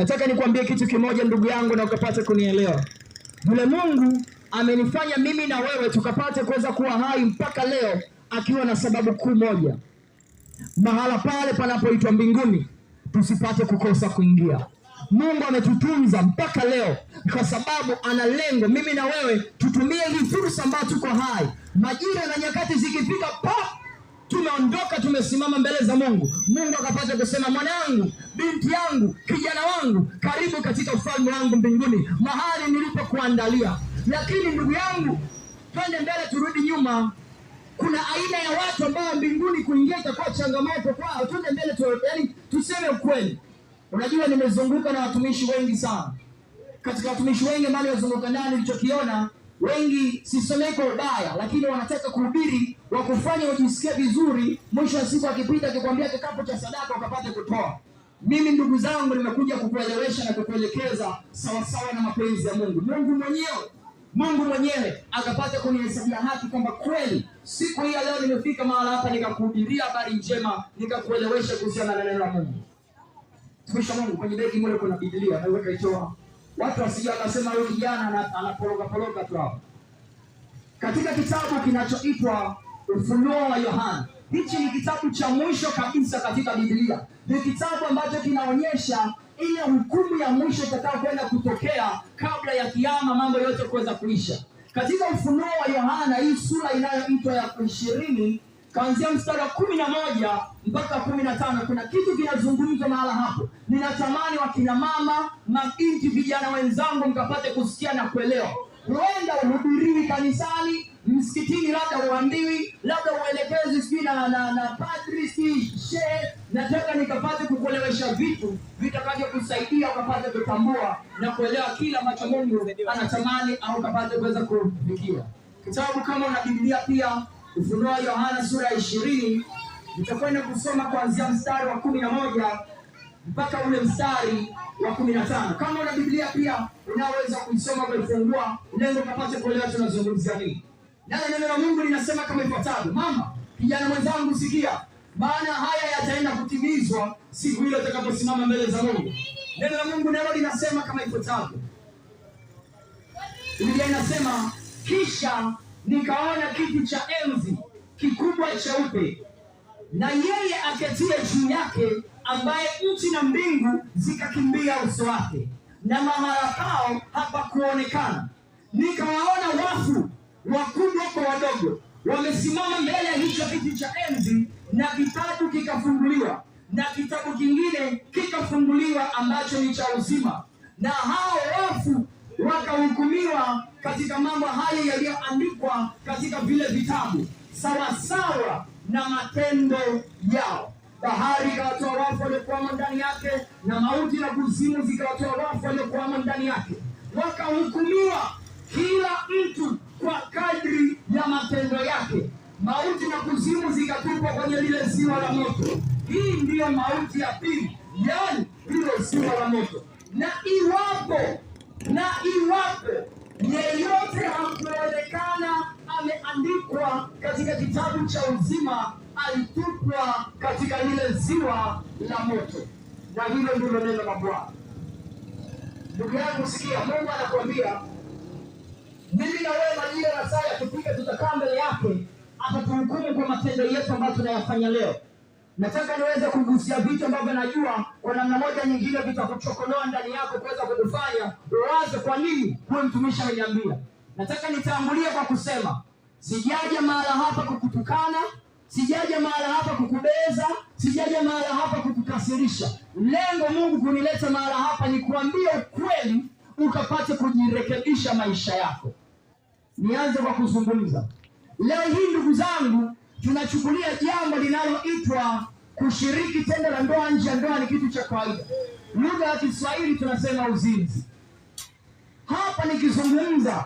Nataka nikwambie kitu kimoja ndugu yangu, na ukapate kunielewa. Yule Mungu amenifanya mimi na wewe tukapate kuweza kuwa hai mpaka leo, akiwa na sababu kuu moja, mahala pale panapoitwa mbinguni tusipate kukosa kuingia. Mungu ametutunza mpaka leo kwa sababu ana lengo mimi na wewe tutumie hii fursa ambayo tuko hai, majira na nyakati zikifika pa tunaondoka tumesimama mbele za Mungu. Mungu akapata kusema, mwanangu, binti yangu, kijana wangu, karibu katika ufalme wangu mbinguni, mahali nilipokuandalia. Lakini ndugu yangu, twende mbele, turudi nyuma. Kuna aina ya watu ambao mbinguni kuingia itakuwa changamoto kwao. Twende mbele tu, yaani tuseme ukweli. Unajua, nimezunguka na watumishi wengi sana. Katika watumishi wengi ambao nimezunguka ndani nilichokiona wengi sisomeko ubaya, lakini wanataka kuhubiri wa kufanya wajisikie vizuri, mwisho wa siku akipita akikwambia kikapu cha sadaka ukapate kutoa. Mimi ndugu zangu, nimekuja kukuelewesha na kukuelekeza sawasawa na mapenzi ya Mungu. Mungu mwenyewe Mungu mwenyewe akapata kunihesabia haki kwamba kweli siku hii ya leo nimefika mahala hapa, nikakuhubiria habari njema, nikakuelewesha kuhusiana na neno la Mungu. Tumisha Mungu, kwenye begi mule kuna Biblia, naweka itoa watu wasija wakasema huyu kijana anaporoga tu hapo. Katika kitabu kinachoitwa Ufunuo wa Yohana, hichi ni kitabu cha mwisho kabisa katika Biblia. Ni kitabu ambacho kinaonyesha ile hukumu ya mwisho kwenda kutokea kabla ya kiama mambo yote kuweza kuisha. Katika Ufunuo wa Yohana, hii sura inayoitwa ya ishirini Kuanzia mstari wa kumi na moja mpaka kumi na tano kuna kitu kinazungumzwa mahala hapo. Ninatamani wakina mama, mabinti, vijana wenzangu mkapate kusikia na kuelewa. Huenda uhubiriwi kanisani, msikitini, labda uambiwi labda uelekezi sijui na, na, na padri si Nataka nikapate kukuelewesha vitu vitakavyokusaidia ukapate kutambua na kuelewa kile ambacho Mungu anatamani au kapate kuweza kufikia. Kitabu kama una Biblia pia Ufunuo Yohana sura ya ishirini nitakwenda kusoma kuanzia mstari wa kumi na moja mpaka ule mstari wa kumi na tano. Kama una Biblia pia unaweza kuisoma ukaifungua, nenda kapate kuelewa tunazungumzia nini. Nalo neno la Mungu linasema kama ifuatavyo. Mama, kijana mwenzangu, sikia, maana haya yataenda kutimizwa siku ile utakaposimama mbele za Mungu. Neno la Mungu nalo linasema kama ifuatavyo. Biblia inasema kisha nikaona kiti cha enzi kikubwa cheupe na yeye aketie juu yake, ambaye nchi na mbingu zikakimbia uso wake, na mahala pao hapakuonekana. Nikawaona wafu wakubwa kwa wadogo, wamesimama mbele ya hicho kiti cha enzi, na kitabu kikafunguliwa, na kitabu kingine kikafunguliwa ambacho ni cha uzima, na hao wafu wakahukumiwa katika mambo hayo yaliyoandikwa katika vile vitabu sawasawa na matendo yao. Bahari ikawatoa wafu waliokuwamo ndani yake, na mauti na kuzimu zikawatoa wafu waliokuwamo ndani yake. Wakahukumiwa kila mtu kwa kadri ya matendo yake. Mauti na kuzimu zikatupwa kwenye lile ziwa la moto. Hii ndiyo mauti ya pili, yani hilo ziwa la moto. Na iwapo na iwapo yeyote hakuonekana ameandikwa katika kitabu cha uzima, alitupwa katika lile ziwa la moto. Na hilo ndilo neno la Bwana. Ndugu yangu, sikia, Mungu anakuambia mimi na wewe, majira na saa ya tutakaa mbele yake, atatuhukumu kwa matendo yetu ambayo tunayafanya leo. Nataka niweze kugusia vitu ambavyo najua kwa namna moja nyingine vitakuchokonoa ndani yako kuweza kukufanya uwaze kwa nini huyo mtumishi ameniambia. Nataka nitangulie kwa kusema sijaja mahala hapa kukutukana, sijaja mahala hapa kukubeza, sijaja mahala hapa kukukasirisha. Lengo Mungu kunileta mahala hapa ni kuambia ukweli ukapate kujirekebisha maisha yako. Nianze kwa kuzungumza leo hii, ndugu zangu tunachukulia jambo linaloitwa kushiriki tendo la ndoa nje ya ndoa ni kitu cha kawaida. Lugha ya Kiswahili tunasema uzinzi. Hapa nikizungumza,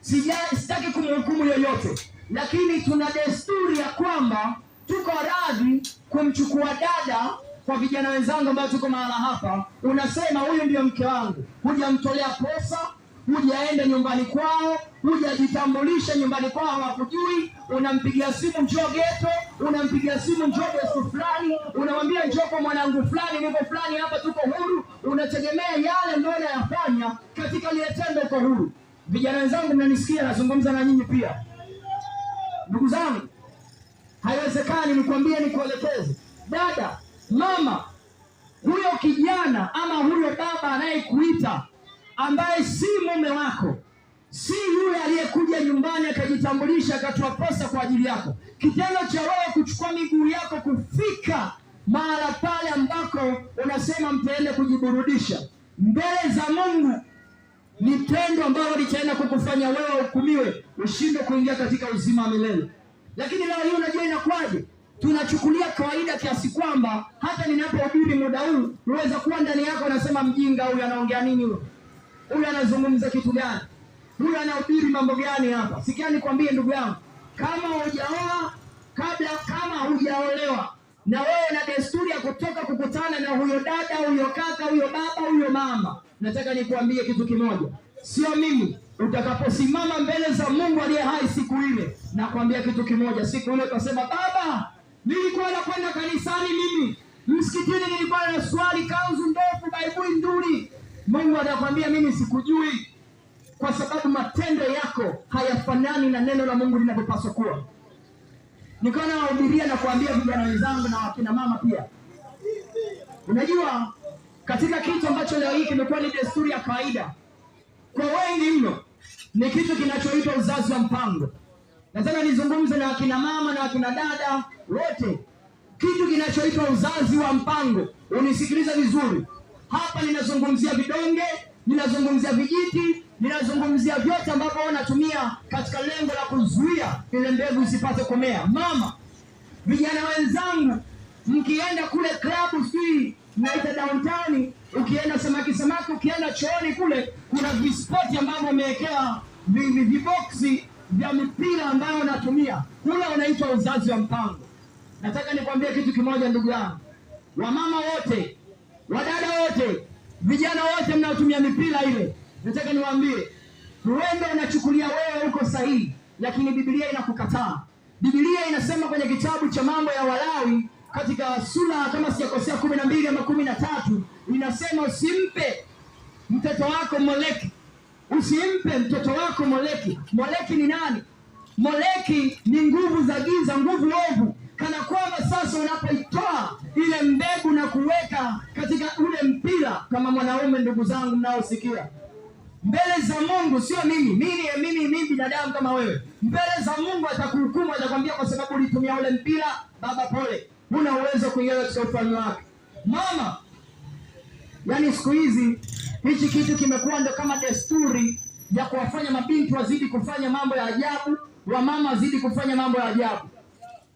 sija sitaki kumhukumu yoyote, lakini tuna desturi ya kwamba tuko radhi kumchukua dada kwa vijana wenzangu ambao tuko mahala hapa, unasema huyu ndio mke wangu, hujamtolea pesa, hujaenda nyumbani kwao hujajitambulisha nyumbani kwao, hawakujui, unampigia simu njoo geto, unampigia simu njoo gesu fulani, unamwambia njoo kwa mwanangu fulani, niko fulani hapa, tuko huru. Unategemea yale ndio unayafanya katika lietendo uko huru. Vijana wenzangu, mnanisikia, nazungumza na nyinyi pia. Ndugu zangu, haiwezekani. Nikwambie, nikuelekeze dada, mama, huyo kijana ama huyo baba anayekuita ambaye si mume wako si yule aliyekuja nyumbani akajitambulisha akatoa pesa kwa ajili yako. Kitendo cha wewe kuchukua miguu yako kufika mahala pale ambako unasema mtaende kujiburudisha mbele za Mungu ni tendo ambalo litaenda kukufanya wewe uhukumiwe, ushindwe kuingia katika uzima wa milele. Lakini leo hii unajua inakwaje? Tunachukulia kawaida kiasi kwamba hata ninapohubiri muda huu unaweza kuwa ndani yako unasema, mjinga huyu anaongea nini? Huyu anazungumza kitu gani? Huyu anahubiri mambo gani hapa? Sikia nikwambie ndugu yangu, kama hujaoa kabla, kama hujaolewa na wewe na desturi ya kutoka kukutana na huyo dada, huyo kaka, huyo baba, huyo mama, nataka nikuambie kitu kimoja, sio mimi. Utakaposimama mbele za Mungu aliye hai siku ile, nakwambia kitu kimoja, siku ile utasema, Baba, nilikuwa nakwenda kanisani mimi, msikitini nilikuwa na swali, kanzu ndofu baibui nduri. Mungu atakwambia mimi sikujui kwa sababu matendo yako hayafanani na neno la Mungu linavyopaswa kuwa. Nikawa nawahubiria na kuambia vijana wenzangu na wakina mama pia, unajua katika kitu ambacho leo hii kimekuwa ni desturi ya kawaida kwa wengi mno, ni kitu kinachoitwa uzazi wa mpango. Nataka nizungumze na wakina mama na wakina dada wote, kitu kinachoitwa uzazi wa mpango. Unisikiliza vizuri hapa, ninazungumzia vidonge, ninazungumzia vijiti ninazungumzia vyote ambavyo wanatumia katika lengo la kuzuia ile mbegu isipate kumea. Mama, vijana wenzangu, mkienda kule klabu, si naita downtown, ukienda samaki samaki, ukienda chooni kule, kuna vispoti ambavyo wamewekea viboksi vya mipira ambayo wanatumia kule, wanaitwa uzazi wa mpango. Nataka nikwambie kitu kimoja, ndugu yangu, wamama wote, wadada wote, vijana wote mnaotumia mipira ile Nataka niwaambie, huenda unachukulia wewe uko sahihi, lakini Biblia inakukataa. Biblia inasema kwenye kitabu cha mambo ya Walawi katika sura kama sijakosea kumi na mbili ama kumi na tatu inasema usimpe mtoto wako Moleki, usimpe mtoto wako Moleki. Moleki ni nani? Moleki ni nguvu za giza, nguvu ovu, kana kwamba sasa unapoitoa ile mbegu na kuweka katika ule mpira, kama mwanaume, ndugu zangu mnaosikia mbele za Mungu, sio mimi mimi mimi mimi binadamu kama wewe. Mbele za Mungu atakuhukumu, atakwambia kwa sababu ulitumia ule mpira, baba pole, una uwezo kuingia katika ufalme wake. Mama, yaani siku hizi hichi kitu kimekuwa ndo kama desturi ya kuwafanya mabinti wazidi kufanya mambo ya ajabu, wamama wazidi kufanya mambo ya ajabu.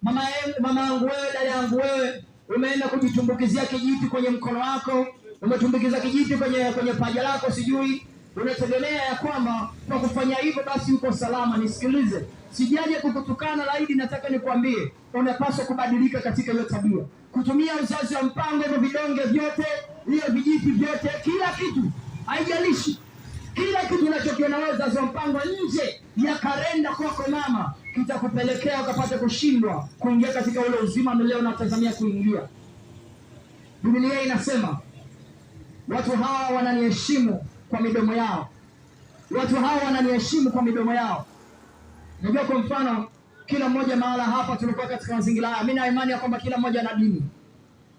Mama yangu, mama yangu wewe, dada yangu wewe, umeenda kujitumbukizia kijiti kwenye mkono wako, umetumbukiza kijiti kwenye kwenye paja lako sijui unategemea ya kwamba kwa kufanya hivyo basi uko salama. Nisikilize, sijaje kukutukana laidi, nataka nikwambie unapaswa kubadilika katika hiyo tabia, kutumia uzazi wa mpango, hivyo vidonge vyote, hiyo vijiti vyote, kila kitu, haijalishi kila kitu unachokiona wewe uzazi wa mpango nje ya kalenda kwako mama, kitakupelekea ukapate kushindwa kuingia katika ule uzima mleo unatazamia kuingia. Biblia inasema watu hawa wananiheshimu kwa midomo yao. Watu hao wananiheshimu kwa midomo yao. Najua kwa mfano, kila mmoja mahala hapa tulikuwa katika mazingira haya, mimi na imani ya kwamba kila mmoja ana dini,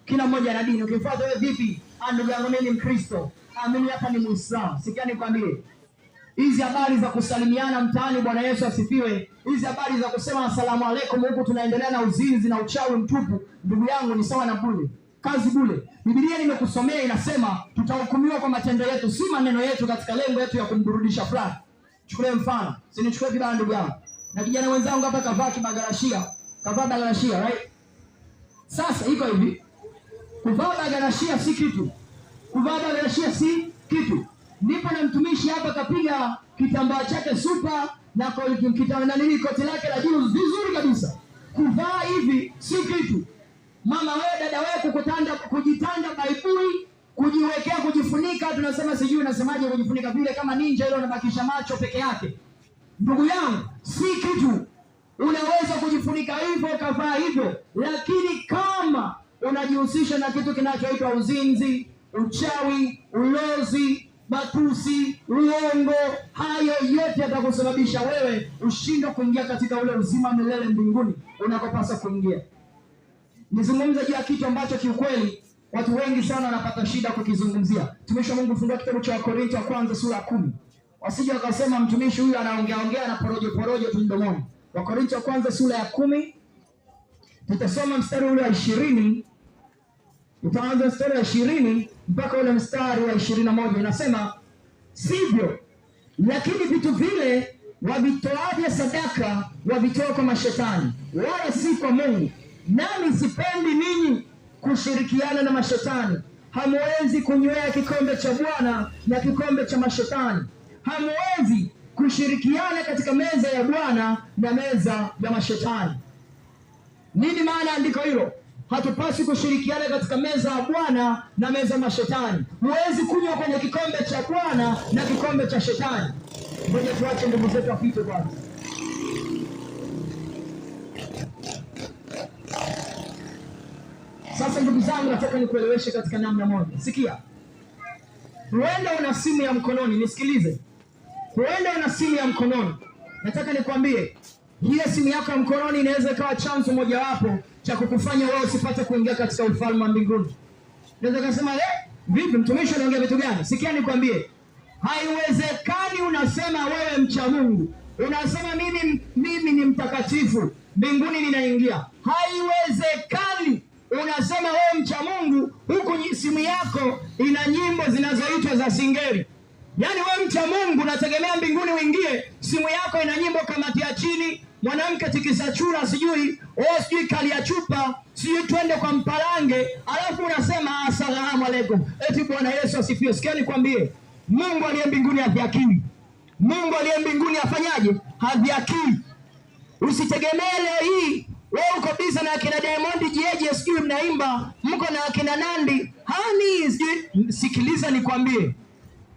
kila mmoja ana dini. Ukifuata wewe vipi? Ah, Ndugu yangu, mimi ni Mkristo, ah, mimi hapa ni Muislamu. Sikia nikwambie, hizi habari za kusalimiana mtaani, Bwana Yesu asifiwe. Hizi habari za kusema asalamu alaikum, huku tunaendelea na uzinzi na uchawi mtupu, ndugu yangu, ni sawa na bure kazi bule Biblia nimekusomea inasema tutahukumiwa kwa matendo yetu, si maneno yetu, katika lengo yetu ya kumburudisha fulani. Chukue mfano, si nichukue vibaya ndugu yangu na kijana wenzangu hapa kavaa kibagarashia, kavaa bagarashia right. Sasa iko hivi, kuvaa bagarashia si kitu, kuvaa bagarashia si kitu. Nipo na mtumishi hapa kapiga kitambaa chake super na koti lake la juu vizuri kabisa. Kuvaa hivi si kitu. Mama wewe, dada wewe, kukutanda kujitanda baibui, kujiwekea, kujifunika, tunasema sijui unasemaje, kujifunika vile kama ninja ile, unabakisha macho peke yake. Ndugu yangu, si kitu. Unaweza kujifunika hivyo ukavaa hivyo, lakini kama unajihusisha na kitu kinachoitwa uzinzi, uchawi, ulozi, matusi, uongo, hayo yote yatakusababisha wewe ushindwe kuingia katika ule uzima milele mbinguni unakopaswa kuingia nizungumze juu ya kitu ambacho kiukweli watu wengi sana wanapata shida kukizungumzia. Mtumishi wa Mungu, fungua kitabu cha Wakorintho wa kwanza sura ya kumi, wasije wakasema mtumishi huyu anaongea ongea na porojo porojo tu mdomoni. Wakorintho wa kwanza sura ya kumi tutasoma mstari ule wa ishirini utaanza mstari wa ishirini mpaka ule mstari wa ishirini na moja inasema sivyo, lakini vitu vile wavitoavyo sadaka wavitoa kwa mashetani, wala si kwa Mungu Nami sipendi ninyi kushirikiana na mashetani. hamwezi kunywea kikombe cha Bwana na kikombe cha mashetani. hamwezi kushirikiana katika meza ya Bwana na meza ya mashetani. Nini maana ya andiko hilo? Hatupasi kushirikiana katika meza ya Bwana na meza ya mashetani. Huwezi kunywa kwenye kikombe cha Bwana na kikombe cha shetani. Ngoja tuache ndugu zetu apite kwanza. Sasa ndugu zangu, nataka nikueleweshe katika namna moja. Sikia, huenda una simu ya mkononi, nisikilize. Huenda una simu ya mkononi, nataka nikwambie, hiyo simu yako ya mkononi inaweza ikawa chanzo mojawapo cha kukufanya wewe usipate kuingia katika ufalme wa mbinguni. Naweza kusema eh, vipi mtumishi, anaongea vitu gani? Sikia nikwambie, haiwezekani unasema wewe mcha Mungu, unasema mimi mimi ni mtakatifu, mbinguni ninaingia. Haiwezekani unasema wewe mcha Mungu, huku simu yako ina nyimbo zinazoitwa za singeli. Yaani wewe mcha Mungu unategemea mbinguni uingie, simu yako ina nyimbo kamati ya chini, mwanamke tikisachura sijui oh, sijui kali ya chupa, sijui twende kwa mparange, alafu unasema asalamu alaykum. Eti Bwana Yesu asifiwe. Sikia nikwambie, Mungu aliye mbinguni hadhihakiwi. Mungu aliye mbinguni afanyaje? Hadhihakiwi. Usitegemee leo hii wewe uko biza na akina Diamond jeje, sijui mnaimba, mko na akina Nandi hani, sijui. Sikiliza nikwambie,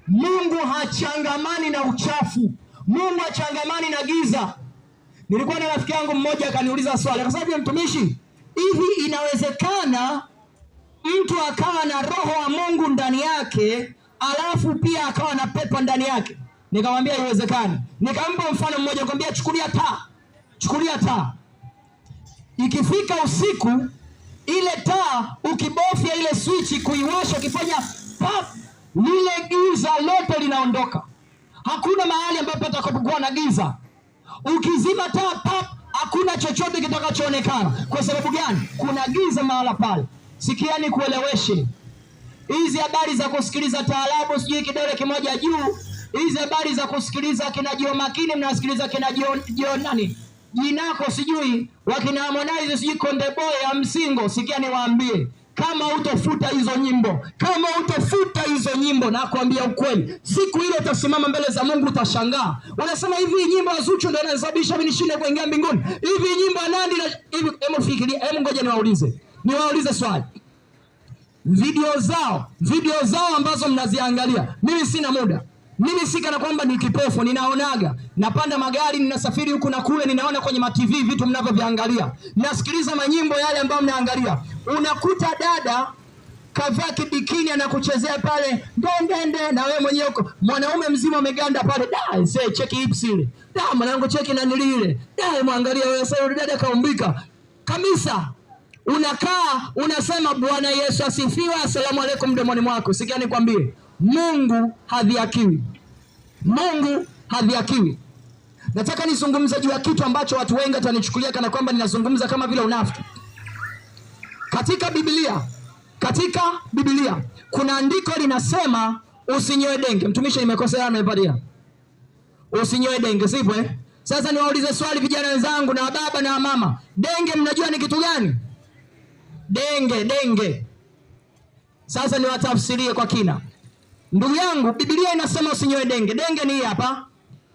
Mungu hachangamani na uchafu, Mungu hachangamani na giza. Nilikuwa na rafiki yangu mmoja akaniuliza swali, akasema mtumishi, hivi inawezekana mtu akawa na roho wa Mungu ndani yake alafu pia akawa na pepo ndani yake? Nikamwambia haiwezekani. Nikampa mfano mmoja, nikamwambia chukulia taa, chukulia taa Ikifika usiku, ile taa ukibofya ile swichi kuiwasha, ukifanya pap, lile giza lote linaondoka. Hakuna mahali ambapo atakapokuwa na giza. Ukizima taa pap, hakuna chochote kitakachoonekana. Kwa sababu gani? Kuna giza mahala pale. Sikiani kueleweshe hizi habari za kusikiliza taarabu, sijui kidole kimoja juu, hizi habari za kusikiliza kinajio makini, mnasikiliza kinajio nani jinako sijui wakina Harmonize sijui Konde Boy ya msingo, sikia niwaambie, kama utofuta hizo nyimbo, kama utofuta hizo nyimbo, nakwambia ukweli, siku ile utasimama mbele za Mungu utashangaa. Wanasema hivi nyimbo ya Zuchu ndio inasababisha mimi nishinde kuingia mbinguni, hivi nyimbo nani na hivi. Hebu fikiria, hebu ngoja niwaulize, niwaulize swali video zao, video zao ambazo mnaziangalia, mimi sina muda mimi si kana kwamba ni kipofu, ninaonaga, napanda magari, ninasafiri huku na kule, ninaona kwenye mativi vitu mnavyoviangalia, nasikiliza manyimbo yale ambayo mnaangalia. Unakuta dada kavaa kibikini anakuchezea pale ndendende, na wewe mwenyewe uko mwanaume mzima ameganda pale, da say cheki hips ile, da mwanangu cheki na nilile, da mwangalia wewe sasa, yule dada kaumbika kamisa Unakaa unasema Bwana Yesu asifiwe, asalamu alaykum, mdomoni mwako. Sikia nikwambie Mungu hadhiakiwi, Mungu hadhiakiwi. Nataka nizungumze juu ya kitu ambacho watu wengi watanichukulia kana kwamba ninazungumza kama vile unafiki. Katika Biblia, katika Biblia kuna andiko linasema usinyoe denge. Mtumishi, nimekosea nimepadia. Usinyoe denge, sipo eh? Sasa niwaulize swali vijana wenzangu na baba na mama, denge mnajua ni kitu gani? Denge, denge. Sasa niwatafsirie kwa kina. Ndugu yangu, Biblia inasema usinyoe denge. Denge ni hapa,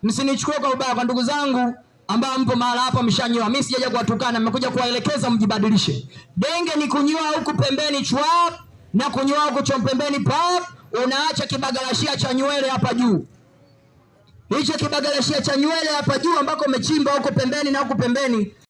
msinichukue kwa ubaya. Kwa ndugu zangu ambao mpo mahala hapa mshanyoa, mimi sijaja kuwatukana, nimekuja kuwaelekeza mjibadilishe. Denge ni kunyoa huku pembeni chwa na kunyoa huku pembeni pa, unaacha kibagalashia cha nywele hapa juu hicho kibagalashia cha nywele hapa juu ambako umechimba huko pembeni na huko pembeni